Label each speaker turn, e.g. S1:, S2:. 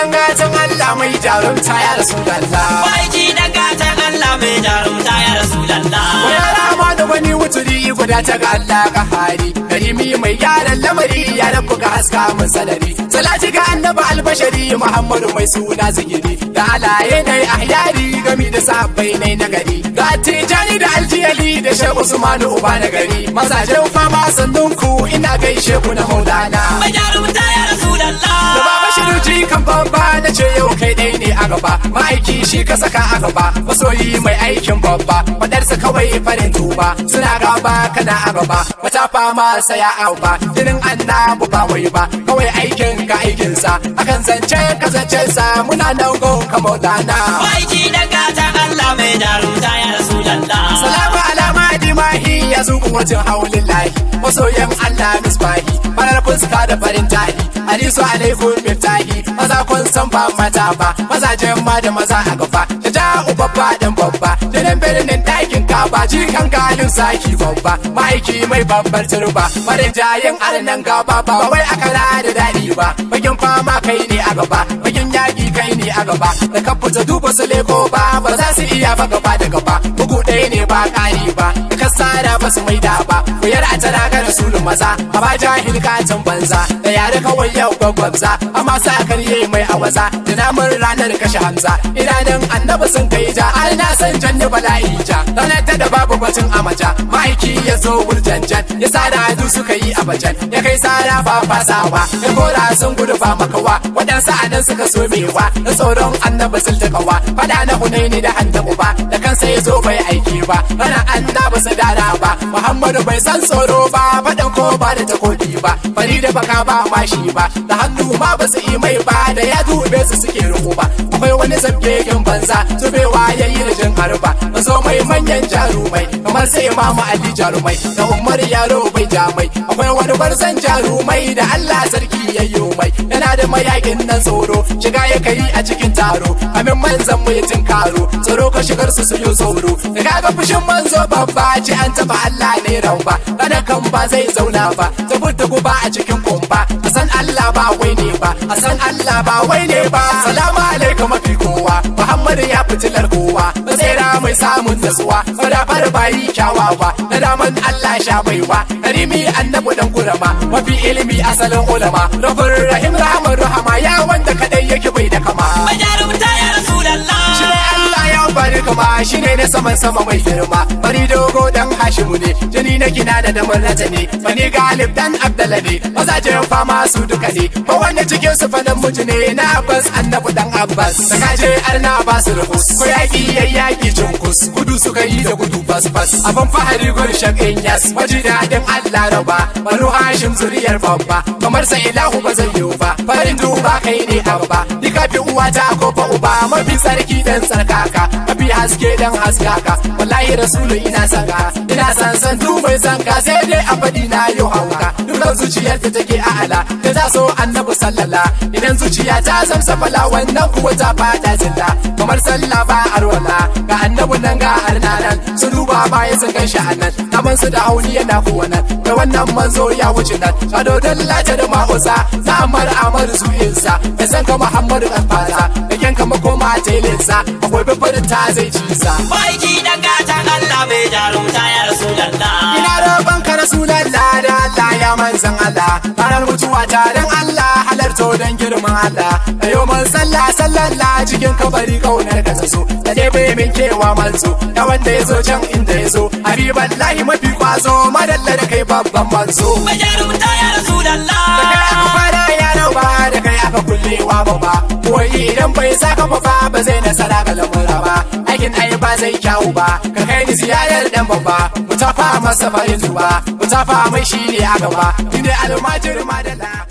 S1: dan gatan Allah mai jarumta ya Rasulullah baki dan gatan Allah mai jarumta ya Rasulullah yara ma da wani wuturi guda ta ga Allah hari. karimi mai yaran lamari ya rabu ga haska mun salari salati ga annabi albashari Muhammadu mai suna zigiri da alaye dai ahyari gami da sabai nai nagari ga tijani da aljiyali da shehu Usmanu uba nagari mazajen fama sannunku ina gaishe ku na maulana Turji kan babba na ce yau kai dai ne a gaba ma'aiki shi ka saka a gaba masoyi mai aikin babba fadarsa kawai farin tuba suna gaba kana a gaba mata fama saya a ba jinin annabu ba wai ba kawai aikin ka aikinsa akan zance ka sa muna nan go ka maulana. Ma'aiki dan gata Allah mai darunta ya rasu lalla. Salamu alama mahi ya zuku wajen haulin lahi masoyan Allah misbahi. fuska da farin tahi alisu alaihu miftahi maza kun san ba mata ba mazajen ma da maza a gaba da ja ubabba dan babba da nan birnin ɗakin kaba jikan kalin saki babba ma'aiki mai babbar turba farin jayin arnan gaba ba wai akala da daɗi ba bakin fama kai ne a gaba bakin yaƙi kai ne a gaba da ka fita duba su leko ba ba za su iya ba gaba da gaba bugu ɗaya ne ba ƙari ba da kasara ba su maida ba wuyar a tara rasulun maza a ba jahil banza da yare kawai yau gwagwabza amma sa karye mai a waza da namun ranar kashe hamza idanun annabi sun kai ja ai na san janye bala'i ja ranar ta da babu batun amaja ma'aiki ya zo wurjanjan ya sa da hadu suka yi a abajan ya kai sara fafasawa ya kora sun gudu fama kawa waɗansu anan suka so mewa da tsoron annabi sun faɗa fada na hunaini da hantabu ba kan sai zo bai aiki ba ana da ba su dara ba muhammadu bai san tsoro ba faɗan ko ba da takobi ba fari da baka ba bashi ba da hannu ma ba su yi mai ba da ya dube su suke ruku ba akwai wani zabgegen banza zubewa ya yi da jin harba akwai manyan jarumai kamar sai mama ali jarumai da umar yaro bai jamai akwai wani barzan jarumai da allah sarki yayyo mai yana da mayakin nan tsoro shiga ya kai a cikin taro amin manzan mu ya karo tsoro ka shigar su suyo tsoro da kaga fushin manzo babba ce an taba allah ne ramba kada kan ba zai zauna ba ta burta guba a cikin kumba a san allah ba wai ne ba a san allah ba wai ne ba salamu alaikum rasuwa sadafar bayi kyawawa na daman Allah sha baiwa karimi annabu dan kurama mafi ilimi asalin ulama rafin rahim rahman rahama ya wanda kadai yake bai da kama majarumta ya rasulallah shi ne Allah ya bari kama shine ne na saman sama mai girma do mu ne jini na gina da damar rata ne ni galib dan abdala ne mazajen fama su duka ne ba wanda cikin su fanan muji ne na abbas annabu dan abbas da je arna ba su rufus ko yaki yayyaki cunkus gudu suka yi da gudu bas bas abin fahari gun shakin yas waji haɗin allah raba banu hashim zuriyar babba kamar sa ilahu ba zai yi ba farin duba kai ne abba ni kafi uwa ta ko fa uba mafi sarki dan sarkaka haske dan haskaka wallahi rasulu ina sanka ina san san du mai sanka sai dai a fadi na yau hauka duk zuciyar ta take a ala ta za so annabi sallala idan zuciya ta zamsa fala wannan kuwa ta fada zinda kamar sallah ba arwala ga annabi nan ga arnanan su duba ya san kan shi annan kaman su da hauni yana kuwa nan da wannan manzo ya wuce nan shado ta da ma'uza za amar amar ya san ka muhammadu dan ba telinsa akwai fafarin ta zai cisa. sa baiki dan gatan Allah mai jarumta ya rasulalla ina roƙon ka rasulalla da Allah ya manzan Allah ranar mutuwa ta dan Allah halarta dan girman Allah A yau man sallah sallalla cikin kabari kaunar ka so da dai bai min kewa manzo da wanda ya zo can inda ya zo lahi mafi kwazo madalla da kai babban manzo majarumta ya ta da kai aka kwarewa ba ba idan bai saka fa ba zai nasara ga lamura ba aikin ai ba zai kyawu ba ka kai ni ziyarar dan babba mu tafa masa farin zuba mu tafa mai shi ne a gaba ni Almajiri almajirin madalla